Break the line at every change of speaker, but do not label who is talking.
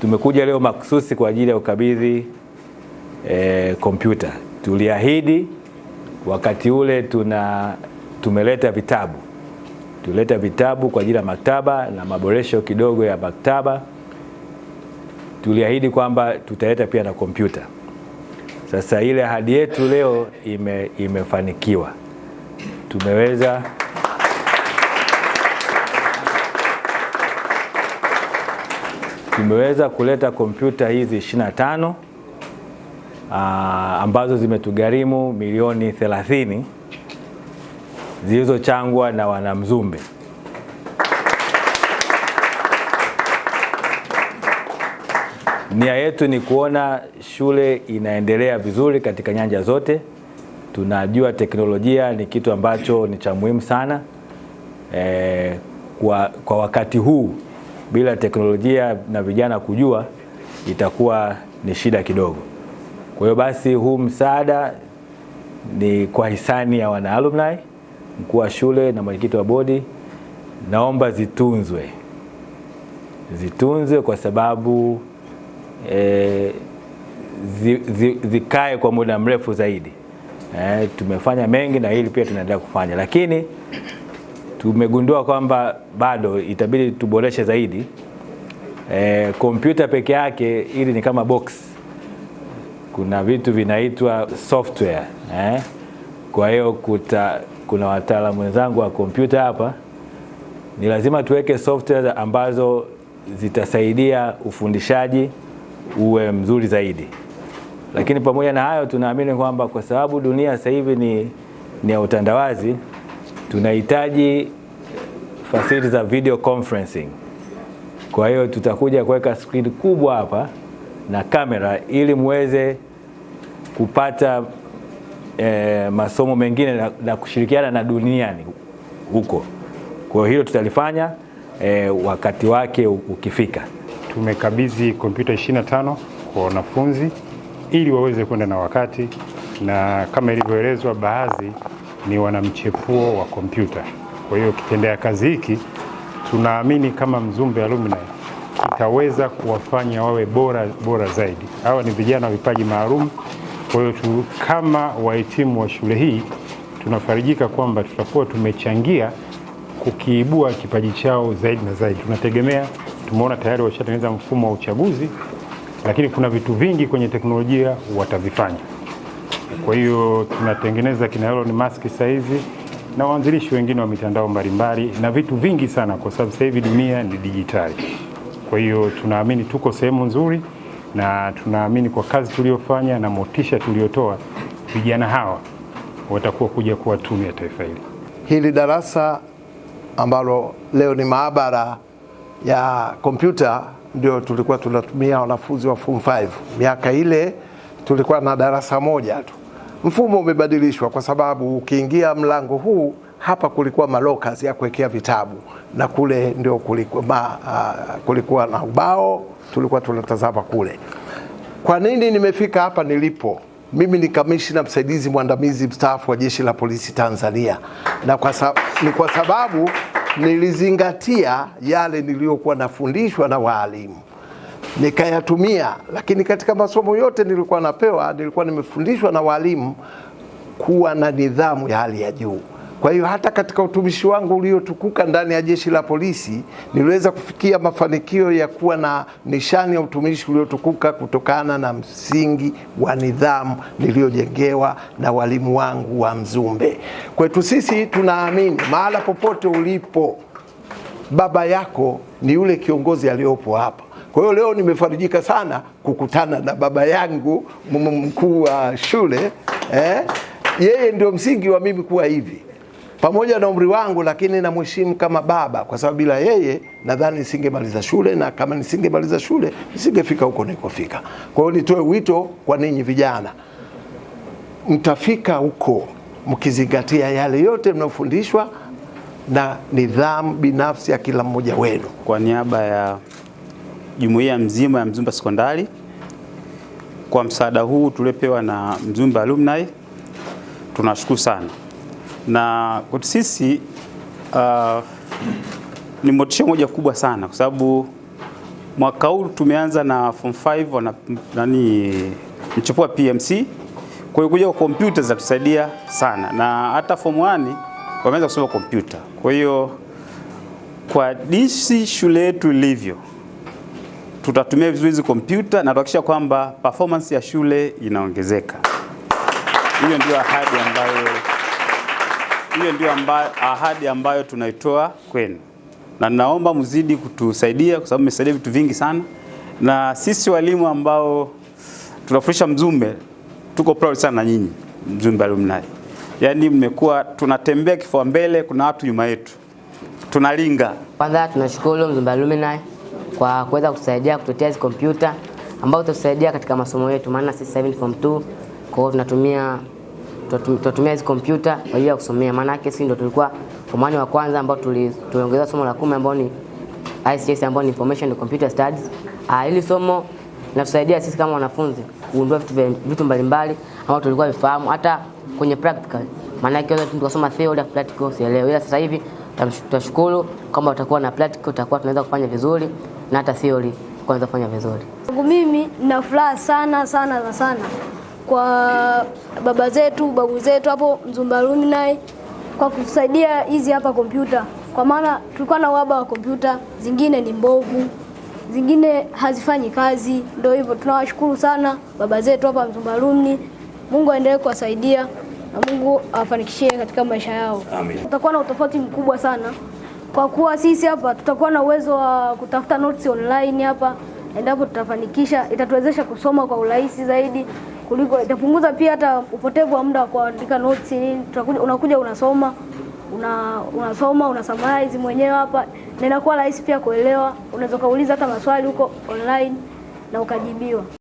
Tumekuja leo makususi kwa ajili ya ukabidhi e, kompyuta e, tuliahidi wakati ule tuna tumeleta vitabu tuleta vitabu kwa ajili ya maktaba na maboresho kidogo ya maktaba. Tuliahidi kwamba tutaleta pia na kompyuta. Sasa ile ahadi yetu leo ime, imefanikiwa tumeweza Tumeweza kuleta kompyuta hizi 25 aa, ah, ambazo zimetugharimu milioni 30 zilizochangwa na wanamzumbe. Nia yetu ni kuona shule inaendelea vizuri katika nyanja zote. Tunajua teknolojia ni kitu ambacho ni cha muhimu sana e, kwa, kwa wakati huu bila teknolojia na vijana kujua itakuwa ni shida kidogo. Kwa hiyo basi, huu msaada ni kwa hisani ya alumni, mkuu wa shule na mwenyekiti wa bodi, naomba zitunzwe, zitunzwe kwa sababu e, zi, zi, zikae kwa muda mrefu zaidi. E, tumefanya mengi na hili pia tunaendelea kufanya, lakini tumegundua kwamba bado itabidi tuboreshe zaidi. E, kompyuta peke yake ili ni kama box, kuna vitu vinaitwa software eh. Kwa hiyo kuta, kuna wataalamu wenzangu wa kompyuta hapa, ni lazima tuweke software ambazo zitasaidia ufundishaji uwe mzuri zaidi, lakini pamoja na hayo tunaamini kwamba kwa sababu dunia sasa hivi ni, ni ya utandawazi tunahitaji fasiliti za video conferencing. Kwa hiyo tutakuja kuweka skrini kubwa hapa na kamera ili muweze kupata e, masomo mengine na, na kushirikiana na duniani huko. Kwa hiyo hilo tutalifanya e, wakati wake ukifika.
Tumekabidhi kompyuta 25 kwa wanafunzi ili waweze kwenda na wakati, na kama ilivyoelezwa baadhi ni wanamchepuo wa kompyuta. Kwa hiyo kitendea kazi hiki tunaamini kama Mzumbe Alumni kitaweza kuwafanya wawe bora, bora zaidi. Hawa ni vijana wa vipaji maalum. Kwa hiyo kama wahitimu wa shule hii tunafarijika kwamba tutakuwa tumechangia kukiibua kipaji chao zaidi na zaidi. Tunategemea, tumeona tayari washatengeneza mfumo wa uchaguzi, lakini kuna vitu vingi kwenye teknolojia watavifanya. Kwa hiyo tunatengeneza kina Elon Musk sasa hizi na waanzilishi wengine wa mitandao mbalimbali na vitu vingi sana, kwa sababu sasa hivi dunia ni dijitali. Kwa hiyo tunaamini tuko sehemu nzuri, na tunaamini kwa kazi tuliyofanya na motisha tuliyotoa, vijana hawa watakuwa kuja kuwa tunu ya taifa hili.
Hili darasa ambalo leo ni maabara ya kompyuta ndio tulikuwa tunatumia wanafunzi wa form 5. Miaka ile tulikuwa na darasa moja tu. Mfumo umebadilishwa kwa sababu ukiingia mlango huu hapa kulikuwa malokas ya kuwekea vitabu na kule ndio kulikuwa, ma, uh, kulikuwa na ubao tulikuwa tunatazama kule. Kwa nini nimefika hapa nilipo? Mimi ni kamishna msaidizi mwandamizi mstaafu wa Jeshi la Polisi Tanzania, na kwa sa, ni kwa sababu nilizingatia yale niliyokuwa nafundishwa na waalimu nikayatumia. Lakini katika masomo yote nilikuwa napewa, nilikuwa nimefundishwa na walimu kuwa na nidhamu ya hali ya juu. Kwa hiyo hata katika utumishi wangu uliotukuka ndani ya jeshi la polisi niliweza kufikia mafanikio ya kuwa na nishani ya utumishi uliotukuka kutokana na msingi wa nidhamu niliyojengewa na walimu wangu wa Mzumbe. Kwetu sisi tunaamini mahala popote ulipo, baba yako ni yule kiongozi aliyopo hapa. Kwa hiyo leo nimefarijika sana kukutana na baba yangu mkuu wa shule eh, yeye ndio msingi wa mimi kuwa hivi pamoja na umri wangu, lakini namheshimu kama baba, kwa sababu bila yeye nadhani nisingemaliza shule, na kama nisingemaliza shule nisingefika huko nilikofika. Kwa hiyo nitoe wito kwa ninyi vijana, mtafika huko mkizingatia yale yote mnaofundishwa na nidhamu binafsi ya kila mmoja wenu.
Kwa niaba ya jumuiya mzima ya Mzumba Sekondari kwa msaada huu tuliopewa na Mzumba Alumni, tunashukuru sana na kwetu sisi uh, ni motisha moja kubwa sana kwa sababu mwaka huu tumeanza na form 5 na nani mchepua PMC. Kwa hiyo kuja kwa kompyuta zinatusaidia sana, na hata form 1 wameanza kusoma kompyuta. Kwa hiyo kwa jinsi shule yetu ilivyo tutatumia vizuri hizi kompyuta na tuhakikisha kwamba performance ya shule inaongezeka. Hiyo ndio ahadi ambayo, hiyo ndio ahadi ambayo tunaitoa kwenu, na naomba mzidi kutusaidia kwa sababu mmesaidia vitu vingi sana, na sisi walimu ambao tunafundisha Mzumbe tuko proud sana na nyinyi Mzumbe alumni. Yaani mmekuwa tunatembea kifua mbele, kuna watu nyuma yetu tunalinga.
Kwanza tunashukuru Mzumbe alumni kwa kuweza kutusaidia kutuletea hizi kompyuta ambazo tutasaidia katika masomo yetu, maana sisi sasa hivi ni form 2 kwa hiyo tunatumia tunatumia hizi kompyuta kwa ajili ya kusomea. Maana yake sisi ndio tulikuwa form 1 wa kwanza ambao tuliongeza somo la kumi ambao ni ICS ambao ni information and computer studies. Ah, hili somo linatusaidia sisi kama wanafunzi kugundua vitu vitu mbalimbali ambao tulikuwa vifahamu hata kwenye practical. Maana yake wote tukasoma theory practical sielewi. Ila sasa hivi tutashukuru kama utakuwa na practical utakuwa tunaweza kufanya vizuri na hata theory kwanza fanya vizuri.
Mimi na furaha sana sana na sana kwa baba zetu babu zetu hapo Mzumbaruni naye kwa kutusaidia hizi hapa kompyuta, kwa maana tulikuwa na uhaba wa kompyuta, zingine ni mbovu, zingine hazifanyi kazi. Ndio hivyo, tunawashukuru sana baba zetu hapa Mzumbaruni. Mungu aendelee kuwasaidia na Mungu awafanikishie katika maisha yao.
Amen. Utakuwa na utofauti mkubwa sana kwa kuwa sisi hapa tutakuwa na uwezo wa kutafuta notes online hapa, endapo tutafanikisha, itatuwezesha kusoma kwa urahisi zaidi kuliko, itapunguza pia hata upotevu wa muda wa kuandika notes nini. Unakuja unasoma una, unasoma una summarize mwenyewe hapa, na inakuwa rahisi pia kuelewa. Unaweza ukauliza hata maswali huko online na ukajibiwa.